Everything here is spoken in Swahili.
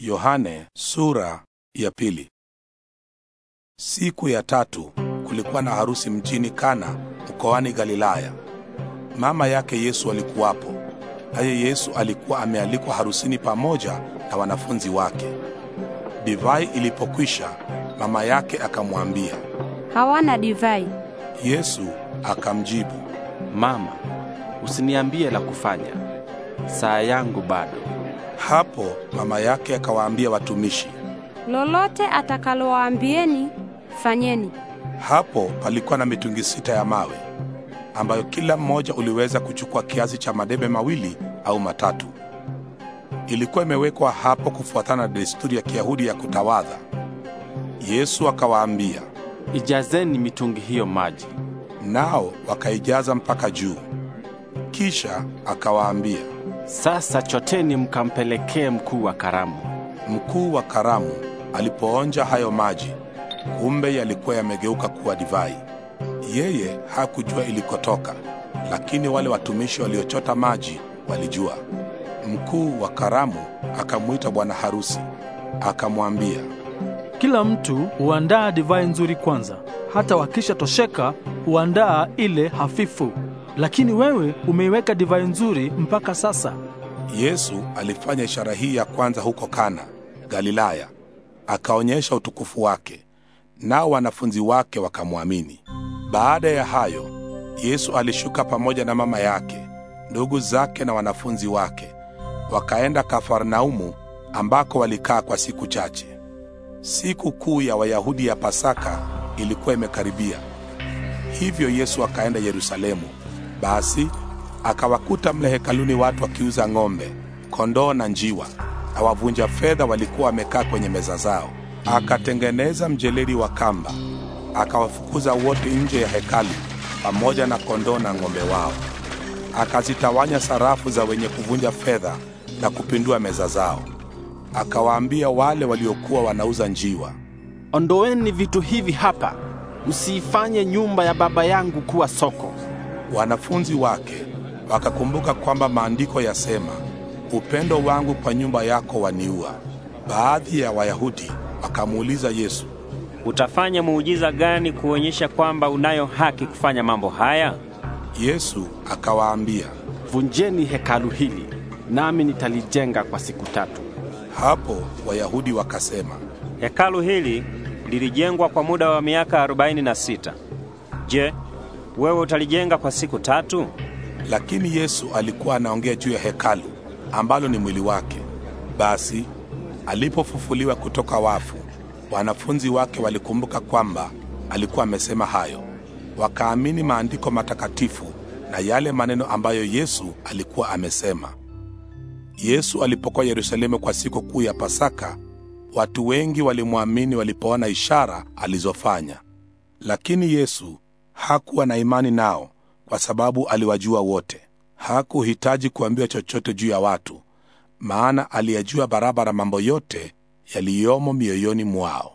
Yohane sura ya pili. Siku ya tatu kulikuwa na harusi mjini Kana mkoani Galilaya. Mama yake Yesu alikuwapo, naye Yesu alikuwa amealikwa harusini pamoja na wanafunzi wake. Divai ilipokwisha, mama yake akamwambia, hawana divai. Yesu akamjibu, mama, usiniambie la kufanya, saa yangu bado hapo mama yake akawaambia watumishi, lolote atakalowaambieni fanyeni. Hapo palikuwa na mitungi sita ya mawe ambayo kila mmoja uliweza kuchukua kiasi cha madebe mawili au matatu. Ilikuwa imewekwa hapo kufuatana na desturi ya Kiyahudi ya kutawadha. Yesu akawaambia, ijazeni mitungi hiyo maji. Nao wakaijaza mpaka juu. Kisha akawaambia, sasa choteni mkampelekee mkuu wa karamu. Mkuu wa karamu alipoonja hayo maji, kumbe yalikuwa yamegeuka kuwa divai. Yeye hakujua ilikotoka, lakini wale watumishi waliochota maji walijua. Mkuu wa karamu akamwita bwana harusi, akamwambia, kila mtu huandaa divai nzuri kwanza, hata wakisha tosheka huandaa ile hafifu lakini wewe umeiweka divai nzuri mpaka sasa. Yesu alifanya ishara hii ya kwanza huko Kana Galilaya, akaonyesha utukufu wake, nao wanafunzi wake wakamwamini. Baada ya hayo, Yesu alishuka pamoja na mama yake, ndugu zake na wanafunzi wake, wakaenda Kafarnaumu ambako walikaa kwa siku chache. Siku kuu ya Wayahudi ya Pasaka ilikuwa imekaribia. Hivyo Yesu akaenda Yerusalemu. Basi akawakuta mle hekaluni watu wakiuza ng'ombe, kondoo na njiwa, na wavunja fedha walikuwa wamekaa kwenye meza zao. Akatengeneza mjeledi wa kamba, akawafukuza wote nje ya hekalu, pamoja na kondoo na ng'ombe wao. Akazitawanya sarafu za wenye kuvunja fedha na kupindua meza zao. Akawaambia wale waliokuwa wanauza njiwa, ondoeni vitu hivi hapa, msiifanye nyumba ya Baba yangu kuwa soko. Wanafunzi wake wakakumbuka kwamba maandiko yasema, upendo wangu kwa nyumba yako waniua. Baadhi ya Wayahudi wakamuuliza Yesu, utafanya muujiza gani kuonyesha kwamba unayo haki kufanya mambo haya? Yesu akawaambia, vunjeni hekalu hili nami nitalijenga kwa siku tatu. Hapo Wayahudi wakasema, hekalu hili lilijengwa kwa muda wa miaka arobaini na sita. Je, wewe utalijenga kwa siku tatu? Lakini Yesu alikuwa anaongea juu ya hekalu ambalo ni mwili wake. Basi alipofufuliwa kutoka wafu, wanafunzi wake walikumbuka kwamba alikuwa amesema hayo, wakaamini maandiko matakatifu na yale maneno ambayo Yesu alikuwa amesema. Yesu alipokuwa Yerusalemu kwa siku kuu ya Pasaka, watu wengi walimwamini walipoona ishara alizofanya. Lakini Yesu hakuwa na imani nao kwa sababu aliwajua wote. Hakuhitaji kuambiwa chochote juu ya watu, maana aliyajua barabara mambo yote yaliyomo mioyoni mwao.